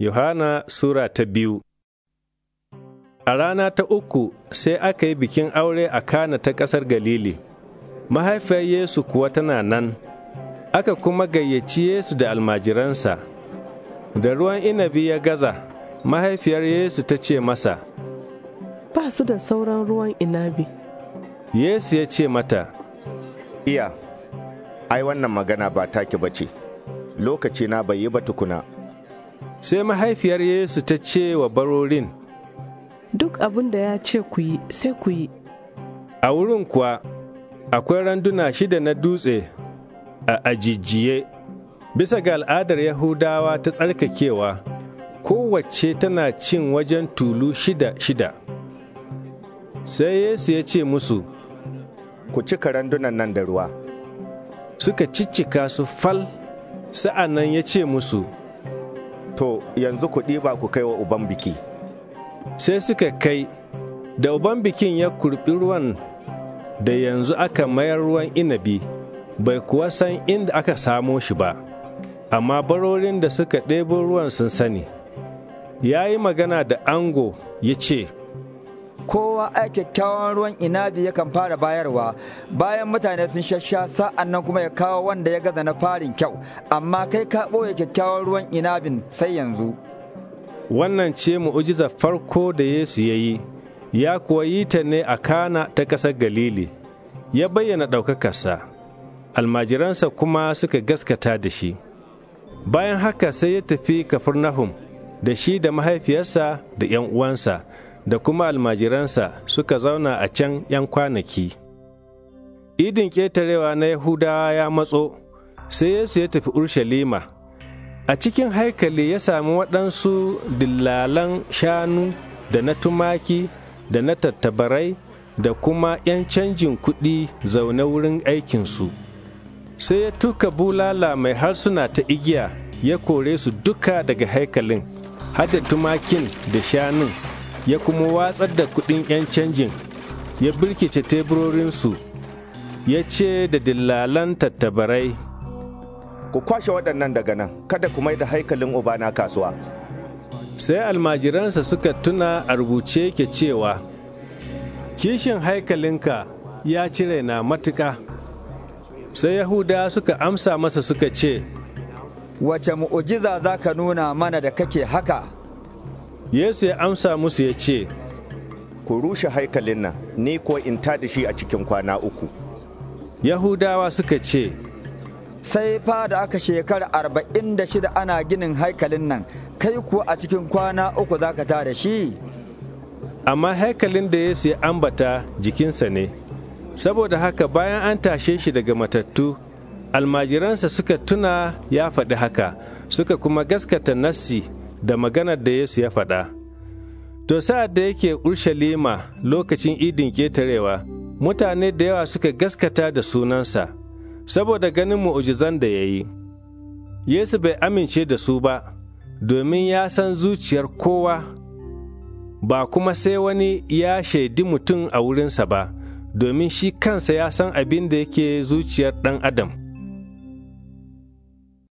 Yohana Sura ta biyu A rana ta uku sai aka yi bikin aure a Kana ta ƙasar Galili, mahaifiyar Yesu kuwa tana nan, aka kuma gayyaci Yesu da almajiransa. Da ruwan inabi ya gaza, mahaifiyar Yesu ta ce masa, Ba su da sauran ruwan inabi. Yesu ya ce mata, Iya, ai wannan magana ba take ba ce, lokaci na bai yi ba tukuna. sai mahaifiyar Yesu ta ce wa barorin, Duk abin da ya ce ku yi, sai ku yi. A wurin kuwa, akwai randuna shida na dutse a ajijiye, bisa ga al'adar Yahudawa ta tsarkakewa, kowace tana cin wajen tulu shida-shida. Sai Yesu ya ce musu, Ku cika randunan nan da ruwa. Suka ciccika su fal, sa'an nan ya ce musu, to yanzu kuɗi ba ku kai wa uban biki. Sai suka kai, da uban bikin ya kurɓi ruwan da yanzu aka mayar ruwan inabi, bai kuwa san inda aka samo shi ba, amma barorin da suka ɗebo ruwan sun sani. Ya yi magana da ango ya ce, kowa ai kyakkyawan ruwan inabi yakan fara bayarwa bayan mutane sun shasha sa'an nan kuma ya kawo wanda ya gaza na farin kyau amma kai ka ɓoye kyakkyawan ruwan inabin sai yanzu wannan ce mu'ujiza farko da Yesu ya yi ya kuwa yi ta ne a kana ta ƙasar galili ya bayyana ɗaukakarsa almajiransa kuma suka gaskata da shi bayan haka sai ya tafi kafurnahum da shi da mahaifiyarsa da 'yan uwansa da kuma almajiransa suka zauna a can ’yan kwanaki. Idin ƙetarewa na Yahudawa ya matso, sai Yesu ya tafi Urshalima. A cikin haikali ya sami waɗansu dillalan shanu da na tumaki da na tattabarai da kuma ‘yan canjin kuɗi zaune wurin aikinsu. Sai ya tuka bulala mai harsuna ta igiya ya kore su duka daga haikalin, hada tumakin da shanun. ya kuma watsar da kuɗin 'yan canjin ya birkice teburorinsu ya ce da dillalan tattabarai ku kwashe waɗannan daga nan kada ku mai da haikalin ubana kasuwa sai almajiransa suka tuna a rubuce yake cewa kishin haikalinka ya cire na matuka sai yahuda suka amsa masa suka ce wace mu'ujiza za ka nuna mana da kake haka Yesu ya amsa musu ya ce, Ku rushe haikalin nan, ni ko in ta da shi a cikin kwana uku. Yahudawa suka ce, Sai fa da aka shekara arba'in da shida ana ginin haikalin nan, kai kuwa a cikin kwana uku za ka da shi. Amma haikalin da Yesu ya ambata jikinsa ne, saboda haka bayan an tashe shi daga matattu, almajiransa suka tuna ya faɗi haka, suka kuma gaskata nassi da maganar da Yesu ya faɗa. To sa'ad da yake Urshalima lokacin idin ƙetarewa, mutane da yawa suka gaskata da sunansa, saboda ganin mu'ujizan da ya yi. Yesu bai amince da su ba, domin ya san zuciyar kowa, ba kuma sai wani ya shaidi mutum a wurinsa ba, domin shi kansa ya san abin da yake zuciyar ɗan Adam.